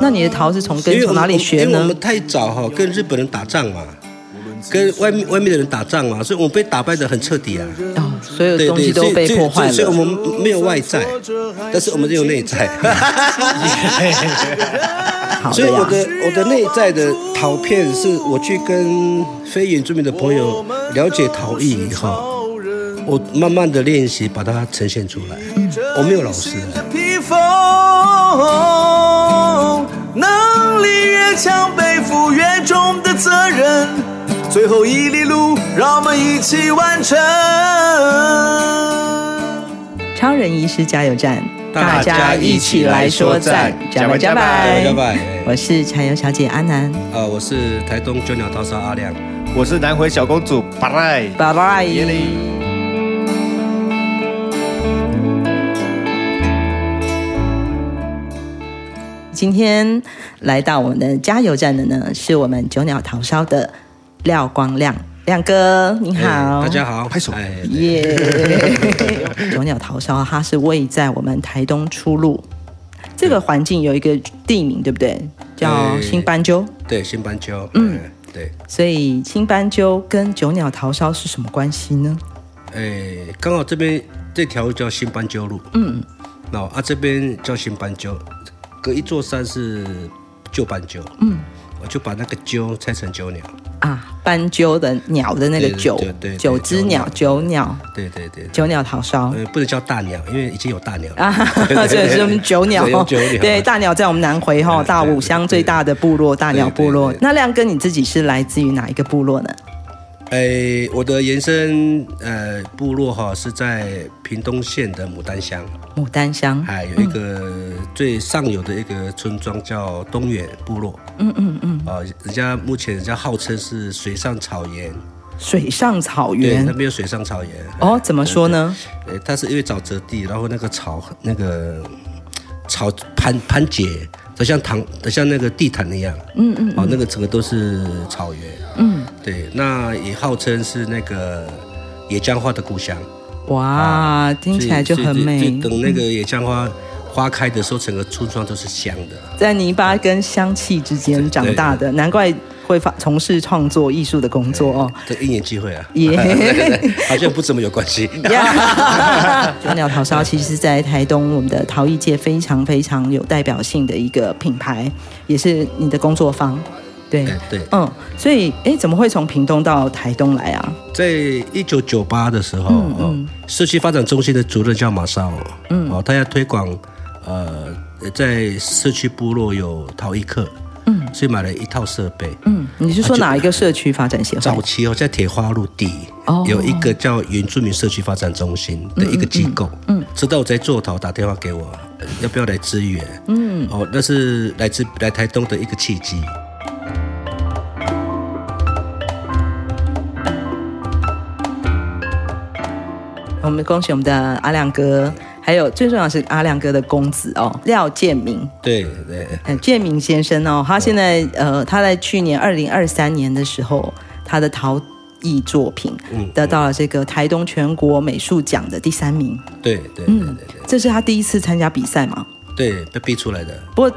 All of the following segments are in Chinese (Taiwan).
那你的陶是從跟從哪裡學呢？因為，因為我們太早哈、哦，跟日本人打仗嘛，跟外面外面的人打仗嘛，所以我們被打敗得很徹底啊，哦、所有東西對對都被破壞了所所所，所以我們沒有外在，但是我們有內在。 呀所以我的我的內在的陶片是，我去跟非原住民的朋友了解陶藝以後我慢慢的練習把它呈現出來。嗯、我沒有老師。嗯強背負越重的責任，最後一哩路讓我們一起完成。超人醫師加油站，大家一起來說讚，加油！加油！我是柴油小姐阿南。呃，我是台東九鳥陶燒阿亮，我是南回小公主巴賴巴賴耶利。今天來到我們的加油站的呢，是我們九鳥陶燒的廖光亮亮哥，你好，欸、大家好，拍手耶！Yeah 九鳥陶燒，它是位在我們台東初鹿，這個環境有一個地名，嗯、對不對？叫新斑鳩、欸，對，新斑鳩，嗯，對。對所以新斑鳩跟九鳥陶燒是什麼關係呢？哎、欸，剛好這邊這條路叫新斑鳩路，嗯，那啊這邊叫新斑鳩。隔一座山是舊斑鳩，嗯，我就把那個鳩拆成九鳥啊，斑鳩的鳥的那個九，對，九隻鳥，九鳥，對對對，九鳥陶燒，呃，不能叫大鳥，因為已經有大鳥了啊，就是我們九鳥，九鳥，對，大鳥在我們南迴後大武鄉最大的部落，大鳥部落。那亮哥，你自己是來自於哪一個部落呢？哎、欸，我的原生呃部落哈、哦、是在屏東縣的牡丹鄉。牡丹鄉哎，還有一個、嗯、最上游的一個村莊叫東遠部落。嗯嗯嗯。啊、呃，人家目前人家號稱是水上草原。水上草原。對，它沒有水上草原。哦，怎麼說呢？哎，它是因為沼澤地，然後那個草，那個草盤盤結。那個它像毯，它像那個地毯一樣，嗯，嗯嗯，哦、啊，那個整個都是草原、啊，嗯，對，那也號稱是那個野薑花的故鄉，哇，啊、聽起來就很美。就就等那個野薑花花開的時候，整個村莊都是香的，在泥巴跟香氣之間長大的，難怪。會發從事創作藝術的工作哦，這一年機會啊，Yeah 好像不怎麼有關係。哈哈哈哈。九鳥陶燒其實在台東，我們的陶藝界非常非常有代表性的一個品牌，也是你的工作坊。對、欸、對，嗯，所以哎、欸，怎麼會從屏東到台東來啊？在一九九八的時候、哦，嗯、社、嗯、區發展中心的主任叫馬沙、哦，嗯，哦，他要推廣，呃，在社區部落有陶藝課。嗯，所以買了一套設備。嗯，你是說哪一個社區發展協會？早期哦，在鐵花路底有一個叫原住民社區發展中心的一個機構嗯。嗯，知、嗯、道、嗯、我在做陶，打電話給我，要不要來支援？嗯，哦，那是來自來台東的一個契機。我們恭喜我們的阿亮哥。還有最重要是阿亮哥的公子哦，廖鍵茗。對對，對，鍵茗先生哦，他現在、哦、呃，他在去年二零二三年的時候，他的陶藝作品得到了這個台東全國美術獎的第三名。對對，對、對、對、嗯、這是他第一次參加比賽嗎？對，被逼出來的。不過，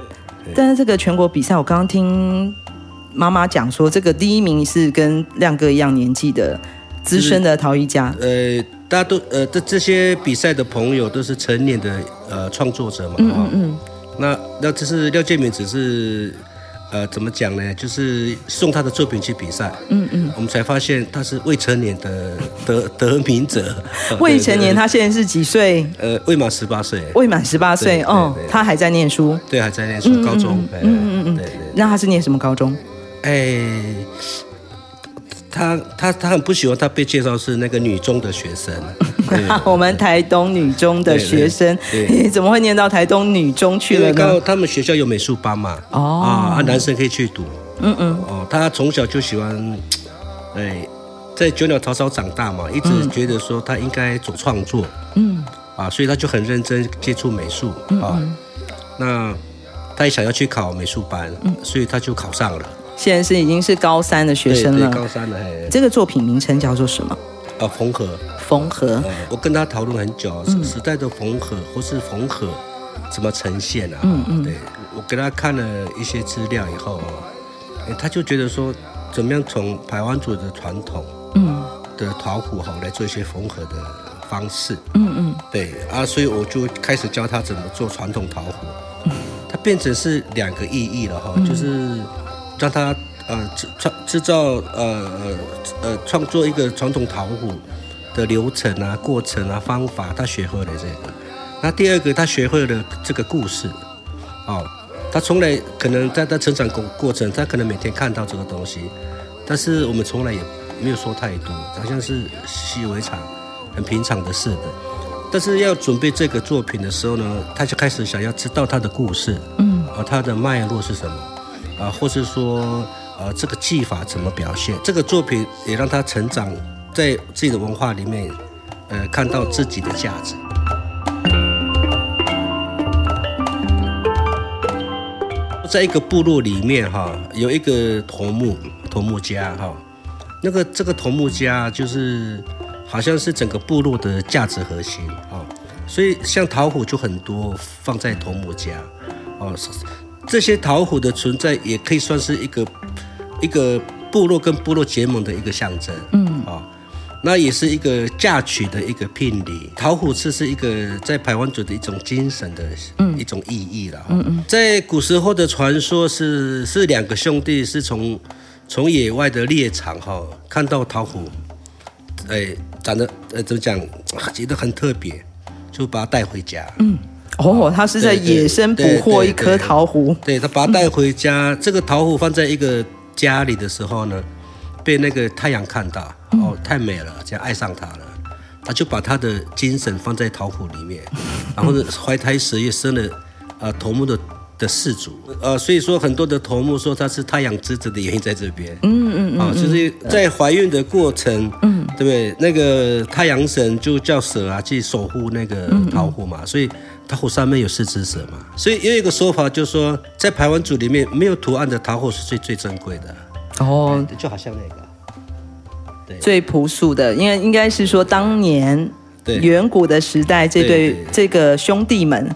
但是這個全國比賽，我剛剛聽媽媽講說，這個第一名是跟亮哥一樣年紀的資深的陶藝家。呃。大家都呃，這這些比賽的朋友都是成年的呃創作者嘛，啊，那那就是廖鍵茗，只是呃怎麼講呢？就是送他的作品去比賽，嗯嗯，我們才發現他是未成年的得得名者。未成年，他現在是幾歲？呃，未滿十八歲。未滿十八歲，哦，他還在念書。對，還在念書，高中。嗯嗯嗯嗯。對對。那他是念什麼高中？哎。他他他很不喜歡他被介紹是那個女中的學生， 我們台東女中的學生。對對，你怎麼會念到台東女中去了呢？剛好他們學校有美術班嘛，哦啊，男生可以去讀。嗯嗯哦，他從小就喜歡，哎，在九鳥陶燒長大嘛，一直覺得說他應該做創作。嗯啊，所以他就很認真接觸美術。嗯嗯啊，那他也想要去考美術班，嗯、所以他就考上了。現在是已經是高三的學生了，高三了。嘿，這個作品名稱叫做什麼？啊，縫合。縫合和、呃。我跟他討論很久，嗯、時代的縫合或是縫合怎麼呈現啊？嗯嗯。嗯對，我給他看了一些資料以後，哎、他就覺得說，怎麼樣從排灣族的傳統，的陶壺來做一些縫合的方式。嗯嗯。嗯對啊，所以我就開始教他怎麼做傳統陶壺。嗯、它變成是兩個意義了哈，就是。讓他呃製創製造呃呃創作一個傳統陶壺的流程啊、過程啊、方法啊，他學會了這個。那第二個，他學會了這個故事。哦，他從來可能在他成長過過程，他可能每天看到這個東西，但是我們從來也沒有說太多，好像是習以為常、很平常的事的。但是要準備這個作品的時候呢，他就開始想要知道他的故事，嗯，而他的脈絡是什麼。啊，或是說，啊、呃，這個技法怎麼表現？這個作品也讓他成長在自己的文化裡面，呃，看到自己的價值。在一個部落裡面，哈、哦，有一個頭目，頭目家，哈、哦，那個這個頭目家就是好像是整個部落的價值核心，啊、哦，所以像陶壺就很多放在頭目家，哦。這些陶壺的存在，也可以算是一個一個部落跟部落結盟的一個象徵。嗯啊、哦，那也是一個嫁娶的一個聘禮。陶壺其實是一個在排灣族的一種精神的一種意義了、嗯。嗯嗯，在古時候的傳說是是兩個兄弟是從從野外的獵場哈、哦，看到陶壺，哎、呃，長得呃怎麼講，覺得很特別，就把它帶回家。嗯。哦，他是在野生捕獲一顆陶壺，對，對，對，對他把它帶回家。這個陶壺放在一個家裡的時候呢，被那個太陽看到，哦，太美了，就愛上它了。他就把他的精神放在陶壺裡面，然後呢，懷胎十月生了啊、呃，頭目的的氏族。呃，所以說很多的頭目說他是太陽之子的原因在這邊。嗯嗯啊，就是在懷孕的過程，嗯，對不對？那個太陽神就叫蛇啊去守護那個陶壺嘛，所以。陶壺上面有四隻蛇嘛，所以也有一個說法，就是說在排灣族裡面，沒有圖案的陶壺是最最珍貴的。哦，就好像那個，對，最樸素的，因為應該是說當年，對，遠古的時代，對這對這個兄弟們，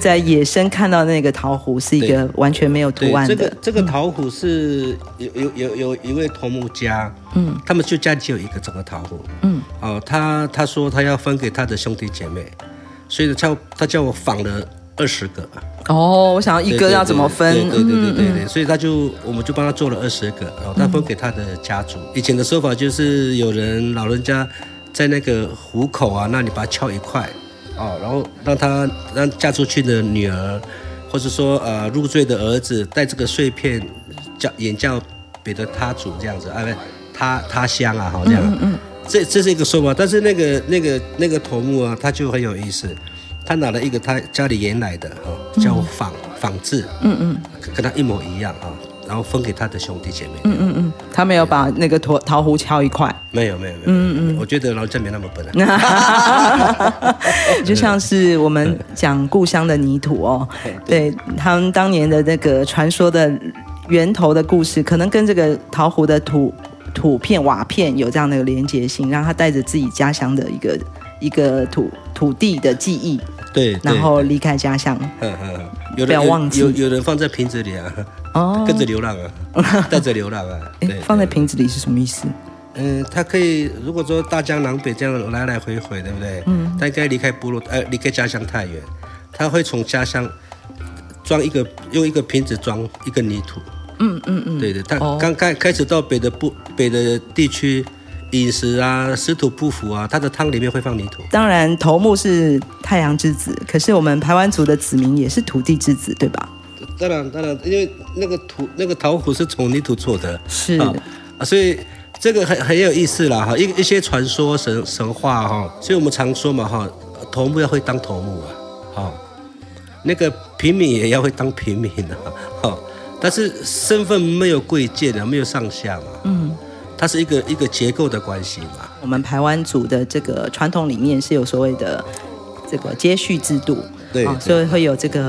在野生看到那個陶壺是一個完全沒有圖案的。這個這個陶壺是有有有有一位頭目家，嗯，他們就家裡只有一個整個陶壺，嗯，哦、呃，他他說他要分給他的兄弟姐妹。所以他他叫我仿了二十個。哦，oh，我想要一個要怎麼分？對對對，對對對對對。所以他就我們就幫他做了二十個，然後他分給他的家族。嗯、以前的說法就是有人老人家在那個壺口啊，那裡把它敲一塊，哦，然後讓他讓嫁出去的女兒，或者說呃入贅的兒子帶這個碎片，叫也叫別的他族這樣子啊，他他鄉啊好像。嗯，嗯。這這是一個說法，但是那個那個那個頭目啊，他就很有意思，他拿了一個他家裡原來的哈、哦，叫仿、嗯、仿製，嗯嗯，嗯跟他一模一樣啊、哦，然後分給他的兄弟姐妹，嗯嗯嗯，他沒有把那個陶對陶壺敲一塊，沒有沒有沒有，嗯嗯，嗯我覺得老鄭沒那麼笨，就像是我們講故鄉的泥土哦， 對，對，對他們當年的那個傳說的源頭的故事，可能跟這個陶壺的土。土片瓦片有這樣的連接性，讓他帶着自己家鄉的一個一個土土地的記憶，對，對然後離開家鄉。呵呵呵有不要忘記有的有有,有人放在瓶子裡啊，哦、跟着流浪啊，帶着流浪啊。 對放在瓶子裡是什麼意思？嗯，他可以如果說大江南北這樣來來回回，對不對？嗯，他應該離開部落呃離開家鄉太遠，他會從家鄉裝一個用一個瓶子裝一個泥土。嗯嗯嗯，嗯嗯對的，他剛剛開始到北的不北的地區，哦、飲食啊，水土不服啊，他的湯裡面會放泥土。當然，頭目是太陽之子，可是我們排灣族的子民也是土地之子，對吧？當然當然，因為那個土那個陶壺是從泥土做的，是啊、哦，所以這個很很有意思啦哈，一一些傳說神神話哈、哦，所以我們常說嘛哈，頭目要會當頭目啊，哈、哦，那個平民也要會當平民啊，哈、哦。但是身份沒有貴賤的，沒有上下嘛。嗯，它是一個一個結構的關係嘛。我們排灣族的這個傳統裡面是有所謂的這個接續制度，對，對，對、哦，所以會有這個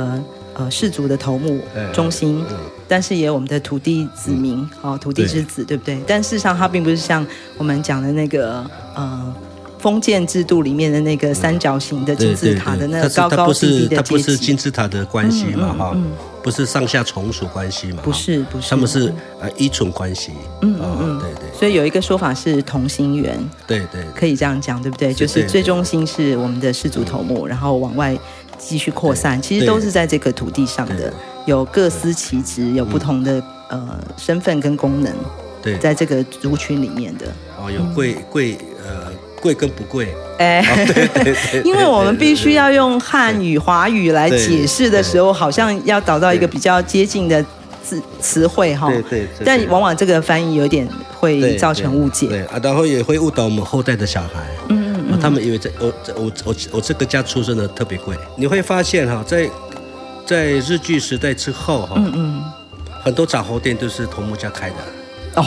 呃氏族的頭目，啊，中心，嗯、但是也有我們的土地子民，嗯，哦，土地之子，對，對不對？但事實上它並不是像我們講的那個呃封建制度裡面的那個三角形的金字塔的那個高高低低的階級，它不是金字塔的關係嘛？哈、嗯。嗯嗯嗯不是上下從屬關係嗎？不是不是，他們是呃依存關係。嗯嗯嗯，對對。所以有一個說法是同心圓。對對。可以這樣講，對不對？就是最中心是我們的氏族頭目，然後往外繼續擴散，其實都是在這個土地上的，有各司其職，有不同的呃身份跟功能。對，在這個族群裡面的。哦，有貴貴呃。貴跟不貴，哎、欸，因為我們必須要用漢語、華語來解釋的時候，好像要找到一個比較接近的字詞彙哈。對對，對，但往往這個翻譯有點會造成誤解。對啊，然後也會誤導我們後代的小孩。嗯嗯，嗯，嗯，嗯，他們以為在我我我我這個家出生的特別貴。你會發現哈，在在日據時代之後哈，嗯嗯，很多雜貨店都是頭目家開的。哦、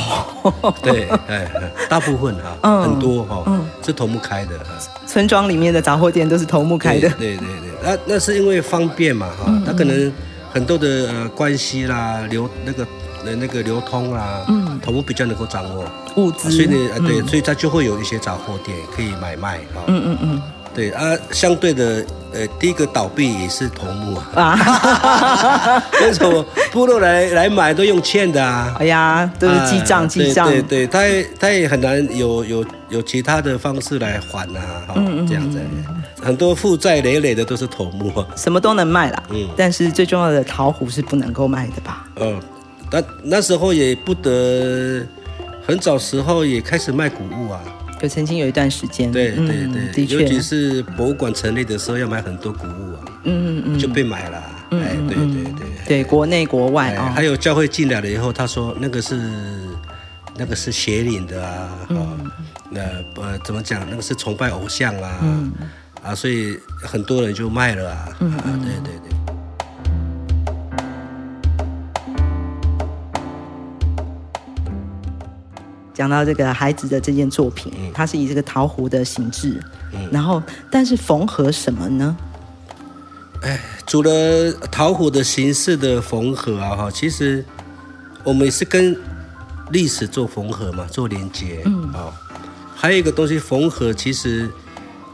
oh, 對，哎，大部分哈、啊，um, 很多哈、喔，um, 是頭目開的、啊。村莊裡面的雜貨店都是頭目開的。對對對，那、啊、那是因為方便嘛，哈、啊，他、嗯嗯、可能很多的呃關係啦，流那個那那個流通啦，嗯，頭目比較能夠掌握物資資、啊，所以呢，啊、對，所以他就會有一些雜貨店可以買賣，哈、啊，嗯嗯嗯。對啊，相對的，呃，第一個倒閉也是頭目啊。啊哈哈哈哈哈！那種部落來來買都用欠的啊。哎呀，都是記賬、啊、記賬帳。對對對，嗯、他也他也很難有有有其他的方式來還啊。哦、嗯,嗯,嗯這樣子，很多負債累累的都是頭目。什麼都能賣啦。嗯。但是最重要的陶壺是不能夠賣的吧？嗯，那那時候也不得，很早時候也開始賣古物啊。就曾經有一段時間，對對對，尤其是博物館成立的時候，要買很多古物啊，嗯嗯嗯，就被買了，哎，對對對，對國內國外啊，還有教會進來了以後，他說那個是那個是邪靈的啊，嗯，那呃怎麼講，那個是崇拜偶像啊，啊，所以很多人就賣了啊，啊，對對對。講到這個孩子的這件作品，它是以這個陶壺的形制，嗯、然後但是縫合什麼呢？哎，除了陶壺的形式的縫合啊，哈，其實我們也是跟歷史做縫合嘛，做連接，嗯、哦，還有一個東西縫合，其實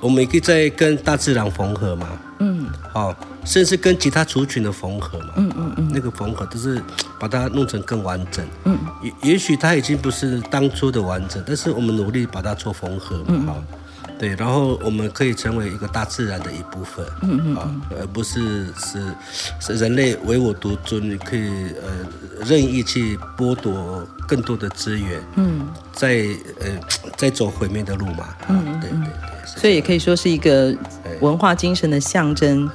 我們也可以在跟大自然縫合嘛，嗯，好、哦。甚至跟其他族群的縫合嘛，嗯嗯嗯，嗯那個縫合都是把它弄成更完整，嗯，也也許它已經不是當初的完整，但是我們努力把它做縫合嘛，哈、嗯，對，然後我們可以成為一個大自然的一部分，嗯嗯，嗯啊，而不是是是人類唯我獨尊，你可以呃任意去剝奪更多的資源，嗯，在呃在走毀滅的路嘛，啊、嗯，對對對，所以也可以說是一個文化精神的象徵。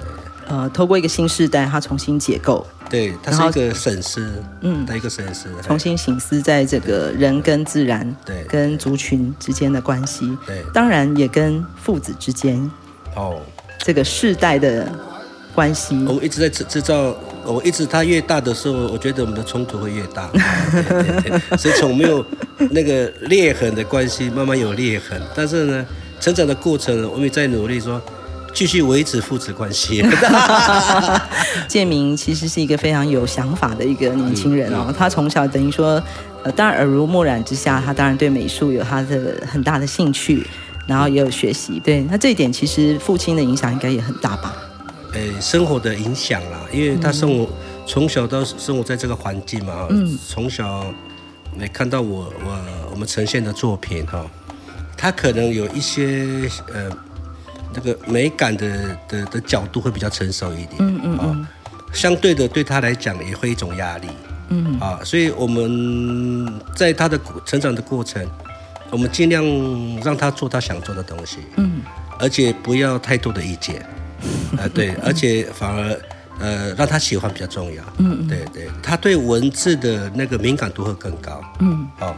呃，透過一個新世代，它重新解構。對，它是一個省思。後嗯，的一個省思，重新省思，在這個人跟自然，對，跟族群之間的關係，對，當然也跟父子之間，哦對，這個世代的關係。哦。我一直在製製造，我一直它越大的時候，我覺得我們的衝突會越大，對對對，所以從沒有那個裂痕的關係，慢慢有裂痕。但是呢，成長的過程，我們也在努力說。繼續維持父子關係。 鍵茗其實是一個非常有想法的一個年輕人哦，嗯、他從小等於說，呃，當然耳濡目染之下，他當然對美術有他的很大的興趣，然後也有學習。嗯、對，那這一點其實父親的影響應該也很大吧？誒、哎，生活的影響啦，因為他生活、嗯、從小到生活在這個環境嘛，嗯，從小沒看到我我我們呈現的作品哈、哦，他可能有一些呃。這個美感的的的角度會比較成熟一點，嗯嗯，嗯、哦、相對的對他來講也會一種壓力，嗯，嗯，啊、哦，所以我們在他的成長的過程，我們儘量讓他做他想做的東西，嗯，嗯，而且不要太多的意見，啊、嗯嗯呃，對，而且反而呃讓他喜歡比較重要，嗯，嗯對對，他對文字的那個敏感度會更高，嗯，嗯，哦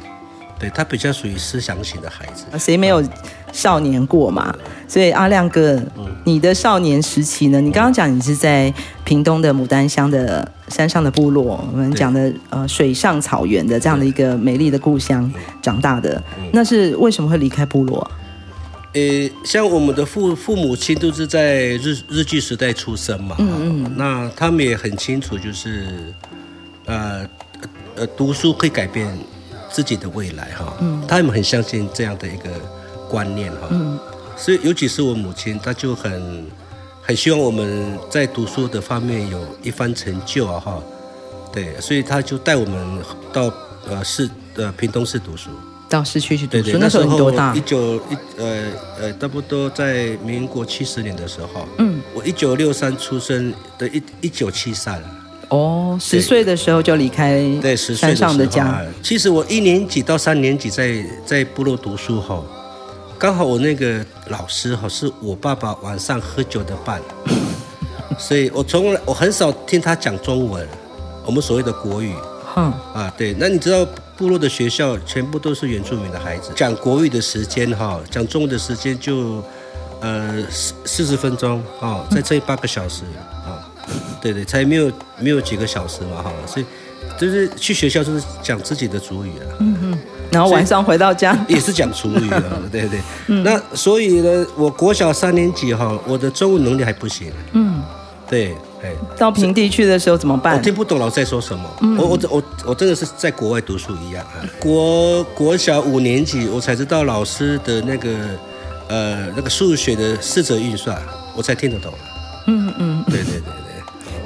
對，他比較屬於思想型的孩子，誰沒有少年過嘛？嗯、所以阿亮哥，嗯、你的少年時期呢？你剛剛講你是在屏東的牡丹鄉的山上的部落，我們講的對呃水上草原的這樣的一個美麗的故鄉對長大的，對那是為什麼會離開部落？呃、嗯，嗯嗯、像我們的父父母親都是在日日據時代出生嘛，嗯,嗯，那他們也很清楚，就是呃呃讀書會改變。自己的未來哈，嗯，他們很相信這樣的一個觀念哈，嗯，所以尤其是我母親，她就很很希望我們在讀書的方面有一番成就啊哈，對，所以他就帶我們到呃市呃屏東市讀書，到市區去讀書。對對，那時候一九一呃呃，呃，差不多在民國七十年的時候，嗯，我一九六三出生的，一一九七三。哦，十歲、oh, 對的時候就離開山上的家的、啊。其實我一年級到三年級在在部落讀書哈，剛好我那個老師哈是我爸爸晚上喝酒的伴， 所以我從來我很少聽他講中文，我們所謂的國語。嗯啊，對。那你知道部落的學校全部都是原住民的孩子，講國語的時間哈，講中文的時間就呃四四十分鐘哦，在這八個小時啊。嗯對對，才沒有沒有幾個小時嘛哈，所以就是去學校就是講自己的主語啊，嗯嗯，然後晚上回到家也是講主語啊，對對，嗯、那所以呢，我國小三年級哈、哦，我的中文能力還不行，嗯，對，哎，到平地去的時候怎麼辦？我聽不懂老師在說什麼，我我我我真的是在國外讀書一樣啊，國國小五年級我才知道老師的那個呃那個數學的四則運算，我才聽得懂，嗯嗯嗯，對，對對對。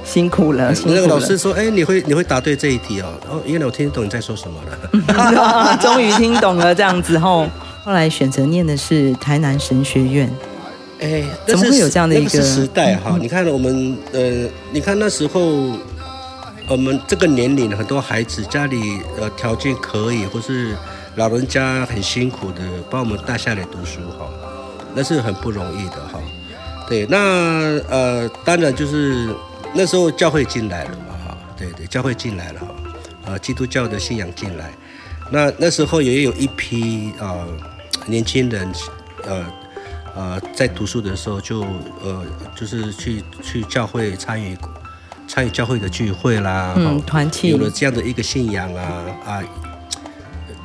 辛苦了，辛苦了。那個老師說：“哎，你會你會答對這一題哦。”哦，因為我聽懂你在說什麼了。終於 聽懂了，這樣子後，後來選擇念的是台南神學院。哎，怎麼會有這樣的一個時代哈？你看我們呃，你看那時候我們這個年齡很多孩子家裡呃條件可以，或是老人家很辛苦的把我們帶下來讀書哈，那是很不容易的哈。對，那呃，當然就是。那時候教會進來了嘛哈，對對，教會進來了哈，基督教的信仰進來。那那時候也有一批啊、呃、年輕人，呃呃，在讀書的時候就呃就是去去教會參與參與教會的聚會啦，嗯，團體有了這樣的一個信仰啊啊，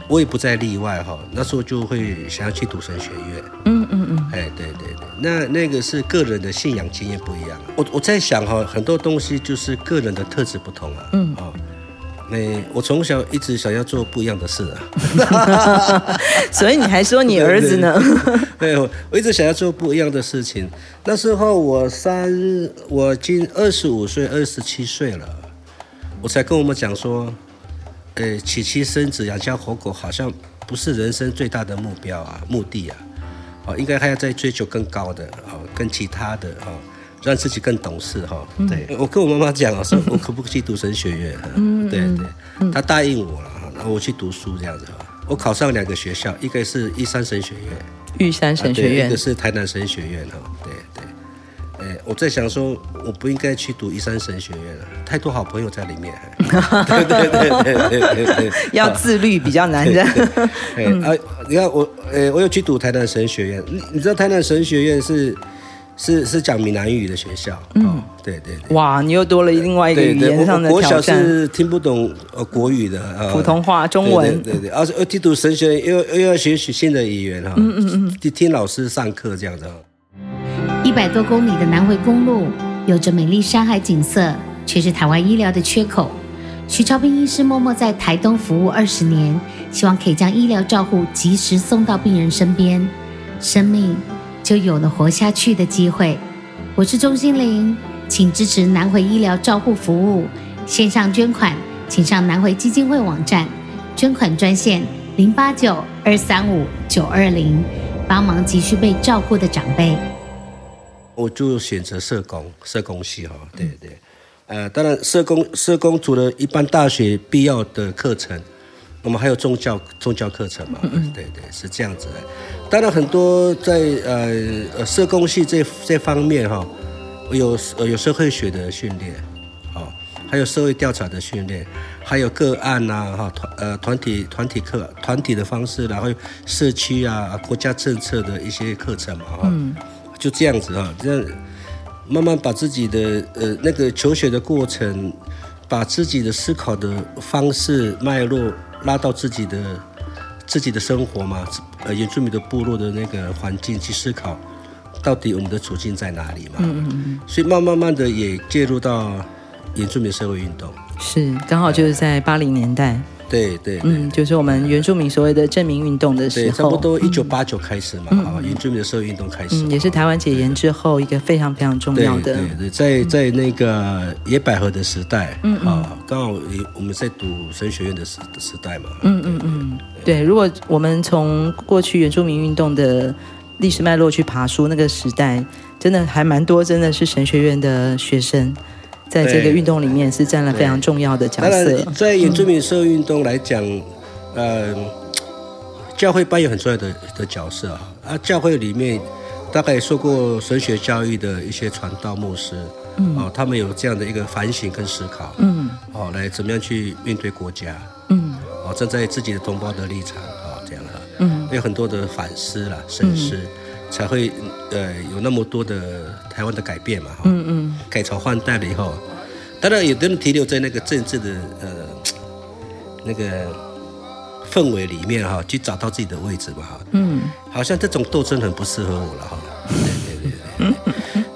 我也不再例外哈、哦。那時候就會想要去讀神學院。哎，嗯、對對對，那那個是個人的信仰經驗不一樣。我我在想哈、哦，很多東西就是個人的特質不同啊。嗯哦、欸，我從小一直想要做不一樣的事啊。 所以你還說你兒子呢對對？對，我一直想要做不一樣的事情。那時候我三，我今二十五歲，二十七歲了，我才跟我們講說，呃、欸，娶妻生子養家糊口好像不是人生最大的目標啊，目的啊。哦，應該還要再追求更高的哦，跟其他的哦，讓自己更懂事哈。對、嗯、我跟我媽媽講哦，說我可不可以讀神學院？嗯，對對，對嗯、他答應我了，然後我去讀書這樣子。我考上兩個學校，一個是玉山神學院，玉山神學院、啊，一個是台南神學院哈。對對，對，我在想說，我不應該去讀玉山神學院了，太多好朋友在裡面。 對對對對對對，對，啊、 要自律比較難的。 啊、哎，你看我，哎，我有去讀台南神學院，你知道台南神學院是是是講閩南語的學校、啊，嗯，對對對。哇，你又多了另外一個語言上的挑戰。國小是聽不懂呃國語的、啊，嗯嗯、普通話、中文。對對，而且呃，去讀神學院又又要學習新的語言哈、啊，嗯嗯嗯，聽老師上課這樣子。一百多公里的南回公路，有着美麗山海景色，卻是台灣醫療的缺口。徐超斌醫師默默在台東服務二十年，希望可以將醫療照護及時送到病人身邊，生命就有了活下去的機會。我是鍾欣凌，請支持南迴醫療照護服務線上捐款，請上南迴基金會網站，捐款專線零八九二三五九二零，幫忙急需被照顧的長輩。我就選擇社工，社工系哈，對對。呃，當然社，社工社工除了一般大學必要的課程，我們還有宗教宗教課程嘛？嗯，對對，是這樣子。當然，很多在呃呃社工系這這方面哈、哦，有有社會學的訓練，好、哦，還有社會調查的訓練，還有個案吶、啊、哈團呃團體團體課團體的方式，然後社區啊國家政策的一些課程嘛哈，嗯、就這樣子哈、哦、這樣。慢慢把自己的呃那個求學的過程，把自己的思考的方式脈絡拉到自己的自己的生活嘛，呃，原住民的部落的那個環境去思考，到底我們的處境在哪裡嘛。嗯嗯嗯。所以慢慢慢的也介入到原住民的社會運動。是，剛好就是在八零年代。對對，對嗯，就是我們原住民所謂的正名運動的時候，差不多一九八九開始嘛，好、嗯，原住民的社會運動開始、嗯，也是台灣解嚴之後一個非常非常重要的。對對，對，在在那個野百合的時代，好、嗯，剛好也我們在讀神學院的時時代嘛，嗯嗯嗯，對，如果我們從過去原住民運動的歷史脈絡去爬梳，那個時代真的還蠻多，真的是神學院的學生。在這個運動裡面是佔了非常重要的角色。當然在原住民社會運動來講，呃、嗯嗯，教會扮演很重要的的角色啊。啊，教會裡面大概受過神學教育的一些傳道牧師，哦、嗯，他們有這樣的一個反省跟思考，嗯，哦，來怎麼樣去面對國家，嗯，哦，站在自己的同胞的立場，啊、哦，這樣的、啊，嗯，有很多的反思啦，深思。嗯嗯才會，呃，有那麼多的台灣的改變嘛，哈、嗯嗯，嗯改朝換代了以後，當然有的人停留在那個政治的，呃，那個氛圍裡面哈，去找到自己的位置嘛，哈，嗯，好像這種鬥爭很不適合我了哈，對對對，對，嗯，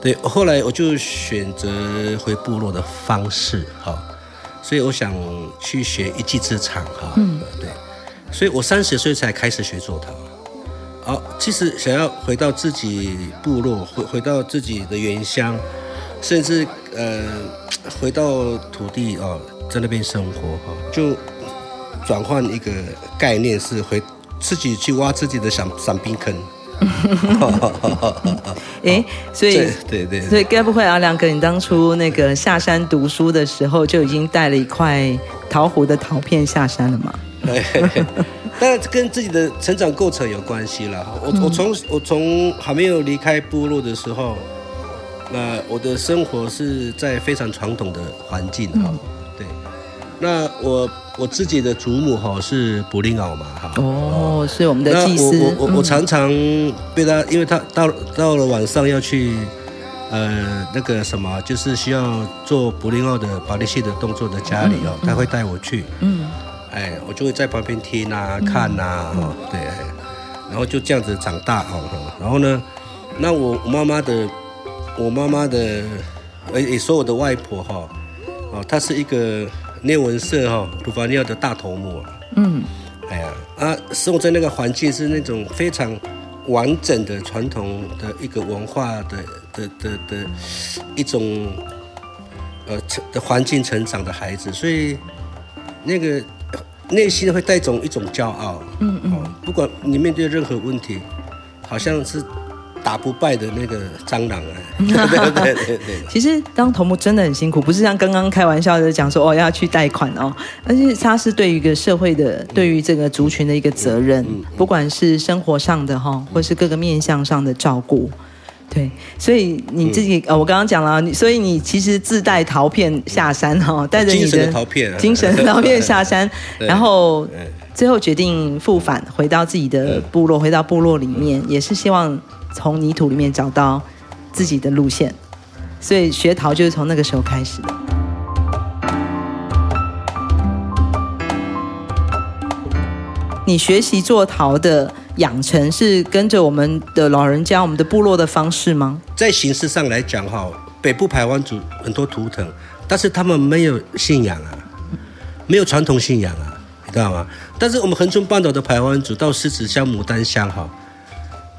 對，後來我就選擇回部落的方式，哈，所以我想去學一技之長哈，對，所以我三十歲才開始學做陶。好、哦，其實想要回到自己部落，回回到自己的原鄉，甚至呃，回到土地哦，在那邊生活哈，哦、就、呃、轉換一個概念，是回自己去挖自己的散散兵坑。哈哈哈！哎，所以對對對，對對所以該不會啊，亮哥，你當初那個下山讀書的時候，就已經帶了一塊陶壺的陶片下山了嗎？對， 但跟自己的成長過程有關係了。我我從我從還沒有離開部落的時候，那我的生活是在非常傳統的環境哈。嗯、對，那我我自己的祖母哈是布林奧嘛哈。哦，哦是我們的祭司。我我我常常被他，嗯、因為他到到了晚上要去，呃，那個什麼，就是需要做布林奧的巴黎西的動作的家裡哦，嗯嗯、他會帶我去。嗯。哎，我就會在旁邊聽啊，看啊，嗯嗯、對，然後就這樣子長大哦。然後呢，那我媽媽的，我媽媽的，哎哎，也說我的外婆哈，哦，她是一個內文社哈、哦，羅發尼耀的大頭目啊。嗯，哎呀，啊，生活在那個環境是那種非常完整的傳統的一個文化的的的的，的一種呃成的環境成長的孩子，所以那個。內心會帶種一種一種驕傲，嗯嗯、哦，不管你面對任何問題，好像是打不敗的那個蟑螂啊、欸。 對對對，對，其實當頭目真的很辛苦，不是像剛剛開玩笑的講說我、哦、要去貸款哦，而且他是對於一個社會的，嗯、對於這個族群的一個責任，嗯嗯嗯、不管是生活上的哈、哦，或是各個面向上的照顧。對，所以你自己呃、嗯哦，我剛剛講了，你、嗯、所以你其實自帶陶片下山哈、哦，嗯陶啊、帶着你的精神陶片，精神陶片下山，嗯、然後最後決定復返回到自己的部落，嗯、回到部落裡面，嗯、也是希望從泥土裡面找到自己的路線，所以學陶就是從那個時候開始的。你學習做陶的。養成是跟着我們的老人家、我們的部落的方式嗎？在形式上來講，哈，北部排灣族很多圖騰，但是他們沒有信仰啊，沒有傳統信仰啊，你知道嗎？但是我們恆春半島的排灣族到獅子鄉、牡丹鄉，哈。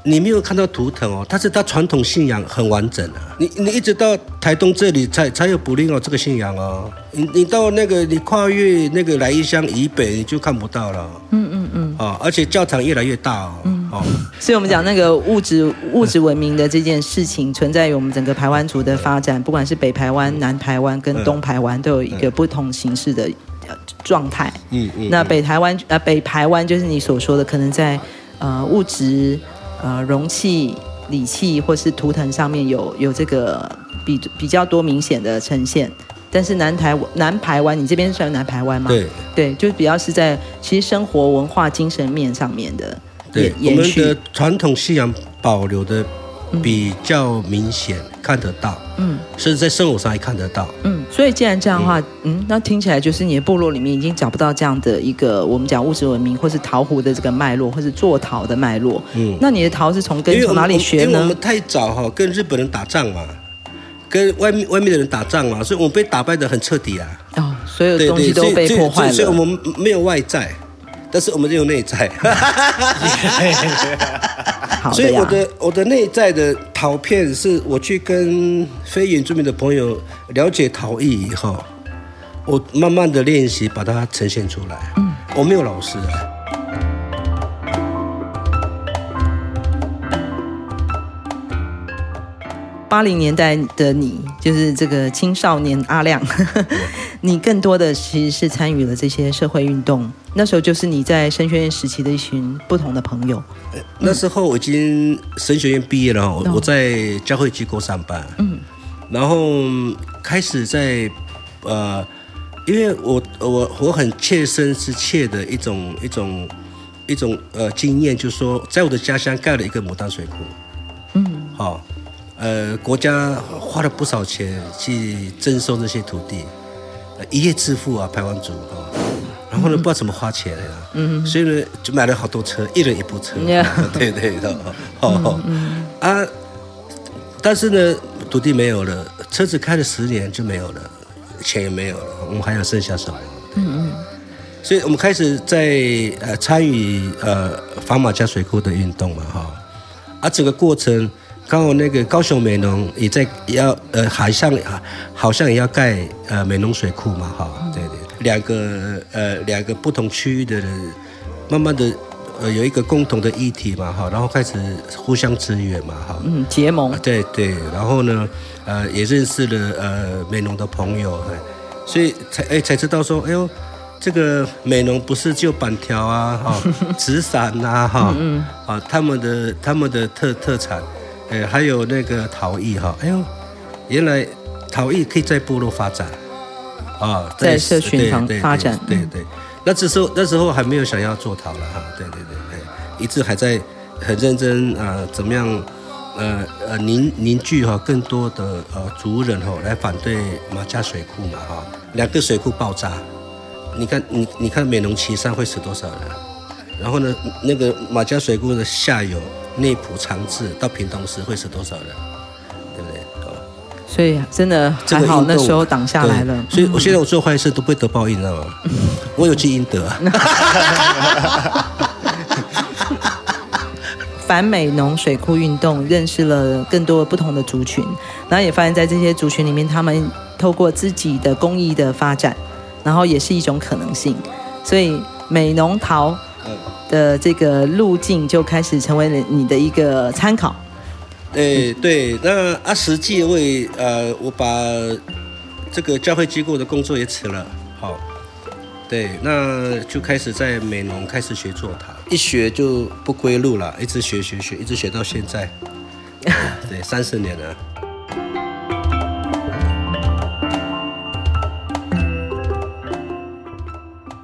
你沒有看到圖騰哦，但是它傳統信仰很完整啊。你你一直到台東這裡才才有 pulinqaw 這個信仰哦。你你到那個你跨越那個來義鄉以北你就看不到了，哦。嗯嗯嗯。哦，而且教堂越來越大哦。嗯哦。所以我們講那個物質、嗯、物質文明的這件事情，存在於我們整個排灣族的發展，嗯、不管是北排灣、嗯、南排灣跟東排灣都有一個不同形式的狀態，狀態。嗯嗯。那北台灣呃北排灣就是你所說的可能在呃物質。呃，容器、禮器或是圖騰上面有有這個比比較多明顯的呈現，但是南台南台灣，你這邊算南台灣嗎？對對，就比較是在其實生活文化精神面上面的延，對延續。我們的傳統信仰保留的。嗯、比較明顯看得到，嗯，甚至在生活上還看得到，嗯，所以既然這樣的話，嗯，嗯，那聽起來就是你的部落裡面已經找不到這樣的一個我們講物質文明，或是陶壺的這個脈絡，或是做陶的脈絡，嗯，那你的陶是從跟從哪裡學呢？因，因為我們太早哈、喔，跟日本人打仗嘛，跟外面外面的人打仗嘛，所以我們被打敗得很徹底啊，哦，所有東西都被破壞了，對對對，所、所、所，所以我們沒有外在。但是我們就有內在，所以我的， 我的，我的內在的陶片是我去跟非原住民的朋友了解陶藝以後，我慢慢的練習把它呈現出來。嗯。我沒有老師啊。八零年代的你就是這個青少年阿亮， 你更多的其實是參與了這些社會運動。那時候就是你在神學院時期的一群不同的朋友。那時候我已經神學院畢業了，嗯、我在教會機構上班。嗯、然後開始在呃，因為我我我很切身之切的一種一種一種呃經驗，就是說在我的家鄉蓋了一個牡丹水庫。嗯。好，呃，國家花了不少錢去徵收這些土地，一夜致富啊，排灣族然後呢，不知道怎麼花錢的、啊、嗯哼哼，所以呢，就買了好多車，一人一部車，嗯、哼 對對的，哦啊，但是呢，土地沒有了，車子開了十年就沒有了，錢也沒有了，我們還要剩下什麼？嗯嗯哼，所以我們開始在呃參與呃反瑪家水庫的運動嘛哈、哦，啊，整個過程剛好那個高雄美濃也在也要呃海上啊，好像也要蓋呃美濃水庫嘛哈、哦，對。嗯兩個呃，兩個不同區域的人，慢慢的呃有一個共同的議題嘛，哈，然後開始互相支援嘛，哈、哦，嗯，結盟，啊、對對，然後呢，呃，也認識了呃美濃的朋友，哎、所以才哎、欸、才知道說，哎呦，這個美濃不是就板條啊，哈、哦，紙傘吶，哈、哦， 嗯嗯啊，他們的他們的特特產，哎，還有那個陶藝哈，哎呦，原來陶藝可以在部落發展。啊，oh, this, 在社群上發展，對對，對，對，對對，那這時候那時候還沒有想要做陶了哈，對對對對，一直還在很認真啊，怎麼樣，呃呃凝凝聚哈，更多的呃族人哈來反對瑪家水庫嘛哈，兩個水庫爆炸，你看你你看美濃旗山會死多少人，然後呢那個瑪家水庫的下游內埔長治到屏東市會死多少人？所以真的還好，那時候擋下來了。所以我現在我做壞事都不會得報應了。嗯、我有積陰德反 美濃水庫運動認識了更多不同的族群，然後也發現，在這些族群裡面，他們透過自己的工藝的發展，然後也是一種可能性。所以美濃陶的這個路徑就開始成為了你的一個參考。誒，對，嗯、對，那啊，實際為，呃，我把這個教會機構的工作也辭了，好，對，那就開始在美濃開始學做陶，一學就不歸路了，一直學學學，一直學到現在，對，三十 年了。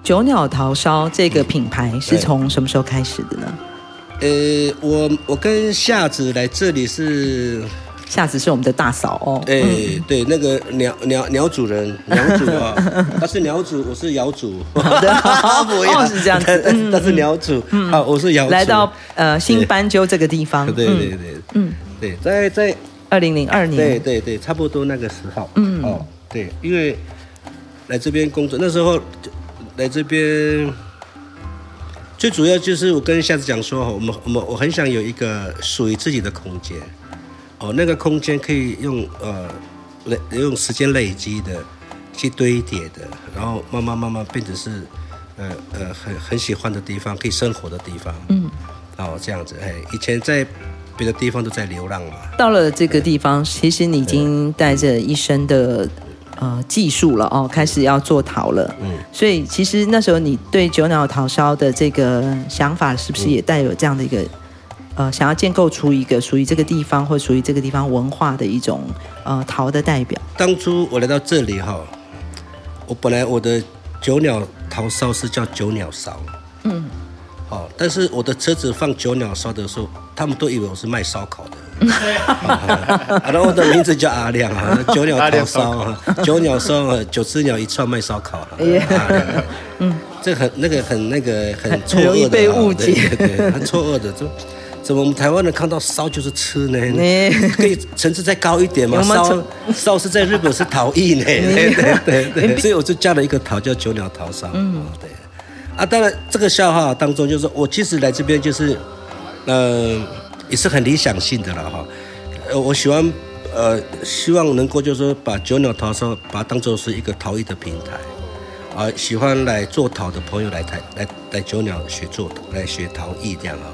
九鳥陶燒這個品牌是從什麼時候開始的呢？嗯呃，我我跟夏子來這裡是，夏子是我們的大嫂哦。哎，對，那個鳥鳥鳥主人，鳥主啊，他是鳥主，我是窯主，哦是這樣子，他是鳥主，好，我是窯主。來到呃新斑鳩這個地方，對對對，嗯，對，在在二零零二年，對對對，差不多那個時候，嗯哦，對，因為來這邊工作那時候來這邊。最主要就是我跟夏子講說，我們我們我很想有一個屬於自己的空間，哦，那個空間可以用呃累用時間累積的，去堆疊的，然後慢慢慢慢變成是，呃呃很很喜歡的地方，可以生活的地方，嗯，哦這樣子，哎，以前在別的地方都在流浪嘛，到了這個地方，嗯，其實你已經帶着一生的。呃，技術了哦，開始要做陶了。嗯，所以其實那時候你對九鳥陶燒的這個想法，是不是也帶有這樣的一個、嗯、呃，想要建構出一個屬於這個地方或屬於這個地方文化的一種呃陶的代表？當初我來到這裡哈，我本來我的九鳥陶燒是叫九鳥燒。嗯。哦，但是我的車子放九鳥燒的時候，他們都以為我是賣燒烤的。然後我的名字叫阿亮啊，九鳥燒，九鳥燒，九隻鳥一串賣燒烤。嗯，這很那個很那個很錯愕的啊，對，很錯愕的。怎麼怎麼我們台灣人看到燒就是吃呢？可以層次再高一點嘛？燒燒是在日本是陶藝呢，對對對，所以我就加了一個陶叫九鳥陶燒。嗯，對。啊，當然，這個笑話當中就是我其實來這邊就是，呃，也是很理想性的了哈。呃，我喜歡呃，希望能夠就是說把九鳥陶燒把它當做是一個陶藝的平台，啊、呃，喜歡來做陶的朋友來台來來九鳥學做來學陶藝這樣啊。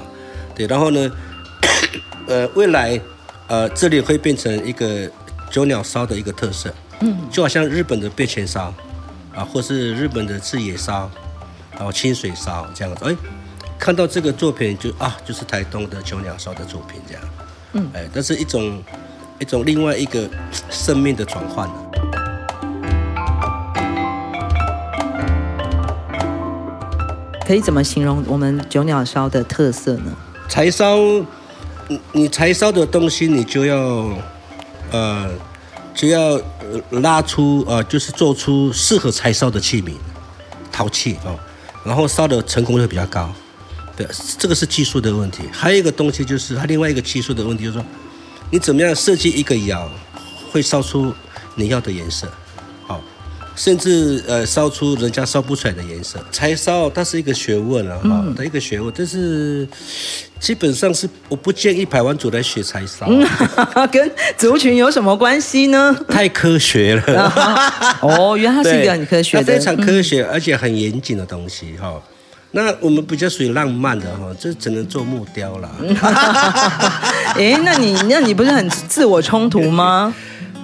對，然後呢，咳咳呃，未來呃這裡會變成一個九鳥燒的一個特色，嗯，就好像日本的備前燒啊，或是日本的志野燒。然後清水燒這樣子，哎、欸，看到這個作品就啊，就是台東的九鳥燒的作品這樣，嗯，哎、欸，這是一種一種另外一個生命的轉換，啊、可以怎麼形容我們九鳥燒的特色呢？柴燒，你柴燒的東西，你就要呃，就要拉出呃，就是做出適合柴燒的器皿，陶器哦。嗯然後燒的成功率比較高，對，這個是技術的問題。還有一個東西就是它另外一個技術的問題，就是說你怎麼樣設計一個窯，會燒出你要的顏色。甚至呃燒出人家燒不出來的顏色，柴燒它是一個學問了、啊、哈、嗯喔，它一個學問，但是基本上是我不建議排灣族來學柴燒、嗯。跟族群有什麼關係呢？太科學了、啊。哦，原來是一個很科學的、它非常科學、嗯、而且很嚴謹的東西哈、喔。那我們比較屬於浪漫的哈，這、喔、只能做木雕啦。哎、嗯欸，那你那你不是很自我衝突嗎？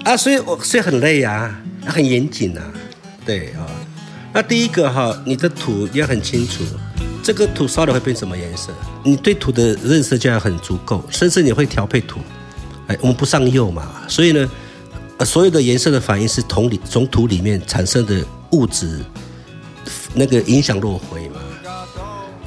啊，所以我所以很累啊，很嚴謹啊。對啊，那第一個哈、啊，你的土要很清楚，這個土燒了會變什麼顏色？你對土的認識就要很足夠，甚至你會調配土。哎，我們不上釉嘛，所以呢、呃，所有的顏色的反應是同理，從土裡面產生的物質那個影響落灰嘛。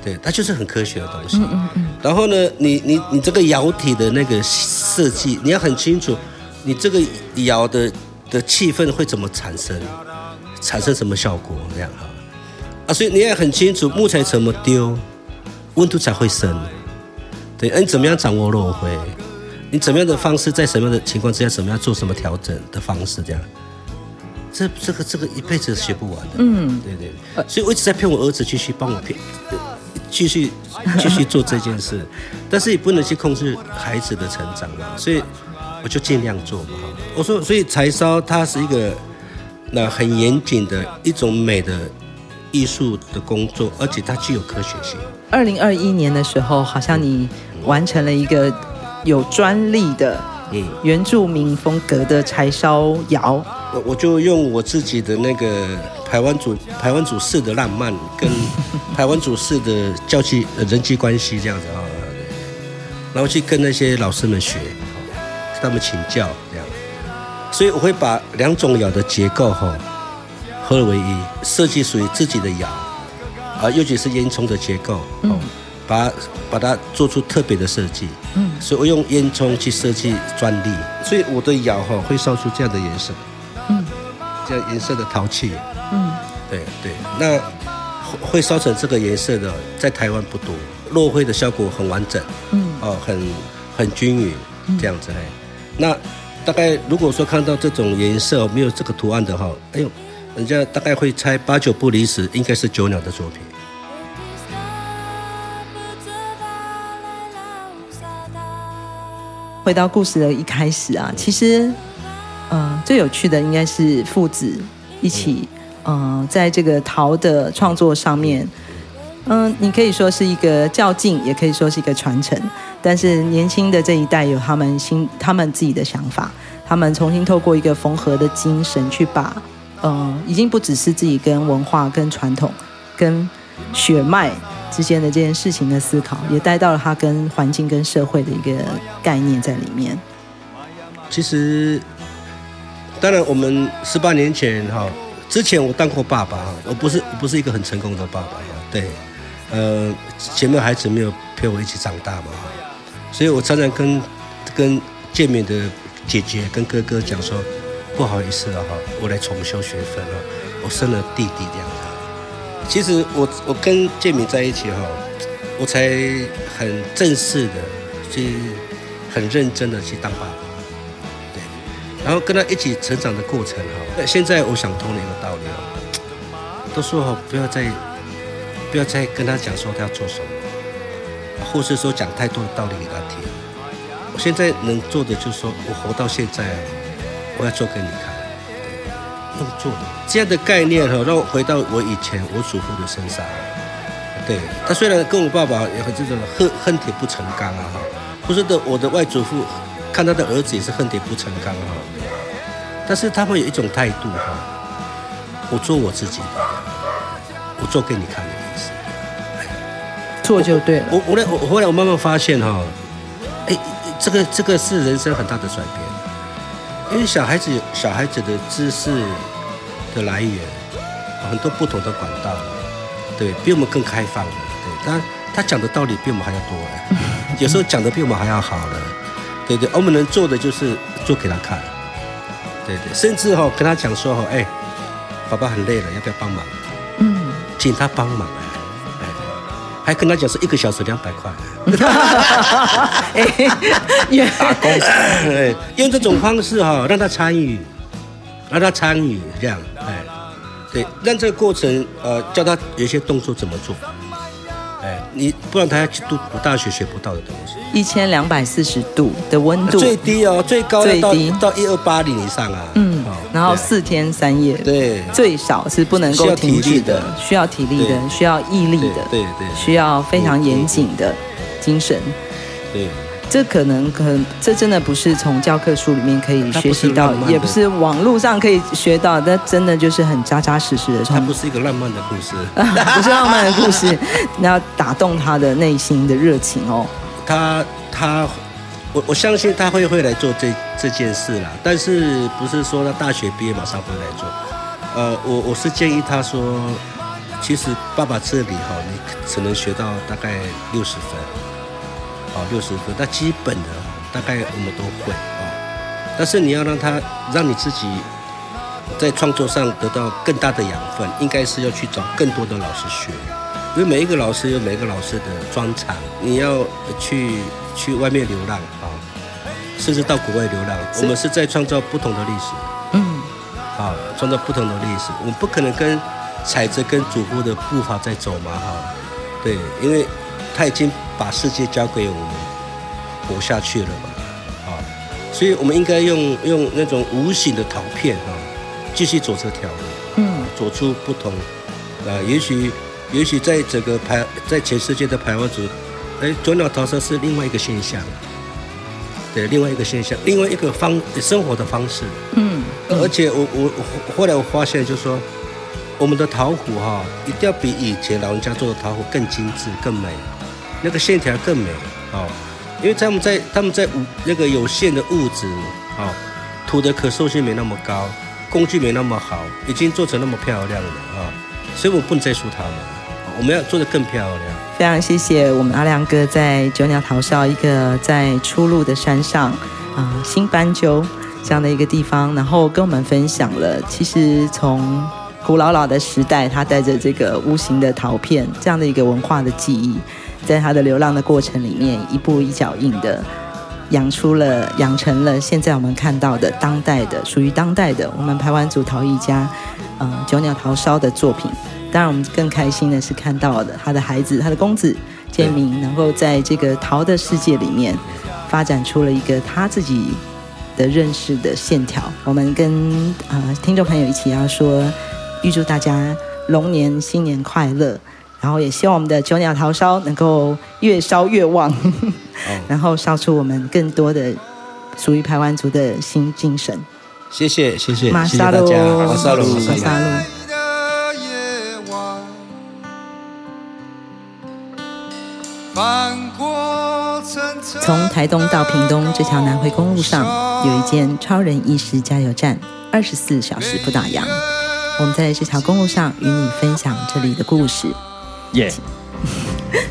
對，它就是很科學的東西。嗯、然後呢，你你你這個窑體的那個設計，你要很清楚，你這個窑的的氣氛會怎麼產生？產生什麼效果？這樣哈，啊，所以你也很清楚木材怎麼丟，溫度才會升。對，你怎麼樣掌握落灰？你怎麼樣的方式，在什麼樣的情況之下，怎麼樣做什麼調整的方式？這樣，這這個這個一輩子學不完的。嗯，對，對對。所以，我一直在騙我兒子我，繼續幫我騙，繼續繼續做這件事。 但是，也不能去控制孩子的成長嘛。所以，我就盡量做嘛。我說，所以柴燒它是一個。那很嚴謹的一種美的藝術的工作，而且它具有科學性。二零二一年的時候，好像你完成了一個有專利的，嗯，原住民風格的柴燒窯。我、嗯、我就用我自己的那個排灣族、排灣族式的浪漫，跟排灣族式的交際人際關係這樣子啊， 然後去跟那些老師們學，他們請教。所以我會把兩種窑的結構哈合二為一，設計屬於自己的窑啊，尤其是煙囪的結構，嗯，把它把它做出特別的設計，嗯，所以我用煙囪去設計專利，所以我的窑哈會燒出這樣的顏色，嗯，這樣顏色的陶器，嗯，對對，那會會燒成這個顏色的，在台灣不多，落灰的效果很完整，嗯，哦，很很均勻，嗯，這樣子嘿，那。大概如果說看到這種顏色沒有這個圖案的話，哎呦，人家大概會猜八九不離十，應該是九鳥的作品。回到故事的一開始啊，其實，嗯、呃，最有趣的應該是父子一起，嗯、呃，在這個陶的創作上面，嗯、呃，你可以說是一個較勁，也可以說是一個傳承。但是年輕的這一代有他們新、他們自己的想法，他們重新透過一個縫合的精神去把，嗯、呃，已經不只是自己跟文化、跟傳統、跟血脈之間的這件事情的思考，也帶到了他跟環境、跟社會的一個概念在裡面。其實，當然我們十八年前哈，之前我當過爸爸哈，我不是我不是一個很成功的爸爸呀，對，呃，前面孩子沒有陪我一起長大嘛。所以我常常跟跟鍵茗的姐姐跟哥哥講說，不好意思了、哦、哈，我來重修學分了、哦，我生了弟弟這樣子。其實我我跟鍵茗在一起哈、哦，我才很正式的去，很認真的去當爸爸。對，然後跟他一起成長的過程哈、哦，現在我想通了一個道理、哦，都說好、哦、不要再不要再跟他講說他要做什麼。或是說講太多的道理給他聽，我現在能做的就是說我活到現在，我要做給你看，要做的這樣的概念哈，讓我回到我以前我祖父的身上。對，他雖然跟我爸爸也很這種恨恨鐵不成鋼啊哈，不是的，我的外祖父看他的兒子也是恨鐵不成鋼啊，但是他會有一種態度哈，我做我自己的，我做給你看的意思。做就對了。我我來，我後來我慢慢發現哈，哎，這個這個是人生很大的轉變，因為小孩子有小孩子的知識的來源，很多不同的管道，對比我們更開放了，對，但他講的道理比我們還要多， 有時候講的比我們還要好了。對對，我們能做的就是做給他看，對對，甚至哈跟他講說哈，哎，爸爸很累了，要不要幫忙？嗯， 請他幫忙。還跟他講說，一個小時兩百塊，打工，用這種方式哈讓他參與，讓他參與這樣，哎，對，讓這個過程呃教他有些動作怎麼做，你不然他要去讀讀大學學不到的東西。一千兩百四十度的溫度，最低哦，最高的到最低到一二八零以上啊。嗯然後四天三夜，對，最少是不能夠停止的，需要體力的，需要毅力的，需要非常嚴謹的精神，對，對這可能，可能這真的不是從教科書裡面可以學習到，不也不是網路上可以學到的，真的就是很扎扎實實的，它不是一個浪漫的故事，啊、不是浪漫的故事， 你要打動他的內心的熱情哦，他他。我我相信他會會來做這這件事啦，但是不是說他大學畢業馬上回來做？呃，我我是建議他說，其實爸爸這裡哈、哦，你只能學到大概六十分，好、哦，六十分，那基本的、哦、大概我們都會啊、哦。但是你要讓他讓你自己在創作上得到更大的養分，應該是要去找更多的老師學，因為每一個老師有每一個老師的專長，你要去去外面流浪。甚至到國外流浪，是我們是在創造不同的歷史。嗯，好、哦，創造不同的歷史，我們不可能跟踩着跟祖輩的步伐在走嘛，哈、哦。對，因為他已經把世界交給我們，活下去了嘛，啊、哦，所以我們應該用用那種無形的陶片啊，繼、哦、續走這條路。嗯、哦，走出不同、嗯、啊，也許也許在整個排在全世界的排灣族，哎、欸，九鳥陶燒是另外一個現象。的另外一個現象，另外一個方生活的方式，嗯，嗯，而且我我，我後來我發現，就是說，我們的陶壺哈，一定要比以前老人家做的陶壺更精緻、更美，那個線條更美，哦，因為他們在他們在，他們在那個有限的物質啊，土、哦、的可塑性沒那麼高，工具沒那麼好，已經做成那麼漂亮了啊、哦，所以我不能再輸他們，我們要做得更漂亮。非常謝謝我們阿亮哥，在九鳥陶燒，一個在初鹿的山上啊、呃，新斑鳩這樣的一個地方，然後跟我們分享了，其實從古老老的時代，他帶着這個無形的陶片這樣的一個文化的記憶，在他的流浪的過程裡面，一步一腳印的養出了、養成了現在我們看到的當代的屬於當代的我們排灣族陶藝家，嗯、呃，九鳥陶燒的作品。當然，我們更開心的是看到的他的孩子，他的公子鍵茗，能夠在這個陶的世界裡面發展出了一個他自己的認識的線條。我們跟啊、呃、聽眾朋友一起要說，預祝大家龍年新年快樂！然後也希望我們的九鳥陶燒能夠越燒越旺，好然後燒出我們更多的屬於排灣族的新精神。謝謝，謝謝，馬沙路。謝謝大家，馬沙路，馬沙路。從台東到屏東這條南迴公路上，有一間超人意識加油站，二十四小時不打烊。我們在這條公路上與你分享這裡的故事。Yeah.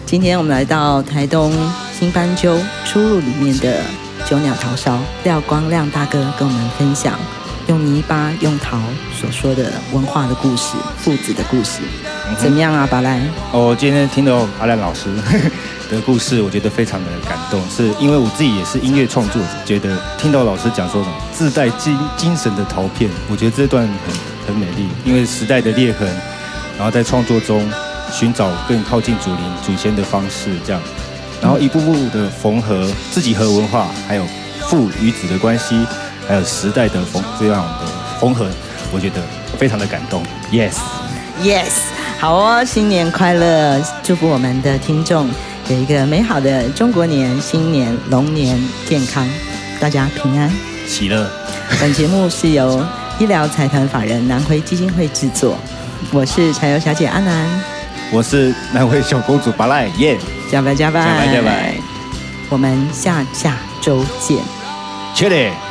今天我們來到台東新斑鳩初鹿裡面的九鳥陶燒廖光亮大哥，跟我們分享用泥巴、用陶所說的文化的故事、父子的故事。嗯、怎麼樣啊，巴賴？我、oh, 今天聽到阿亮老師的故事，我覺得非常的感動。是因為我自己也是音樂創作者，覺得聽到老師講說什麼自帶精精神的陶片，我覺得這段很很美麗。因為時代的裂痕，然後在創作中尋找更靠近祖靈祖先的方式，這樣，然後一步步的縫合自己和文化，還有父與子的關係，還有時代的縫這樣的縫合，我覺得非常的感動。Yes，Yes。Yes. 好哦，新年快樂！祝福我們的聽眾有一個美好的中國年，新年龍年健康，大家平安喜樂。本節目是由醫療財團法人南迴基金會製作，我是柴油小姐阿南，我是南迴小公主巴賴耶，yeah、加班加班加白加班我們下下週見，Cheers。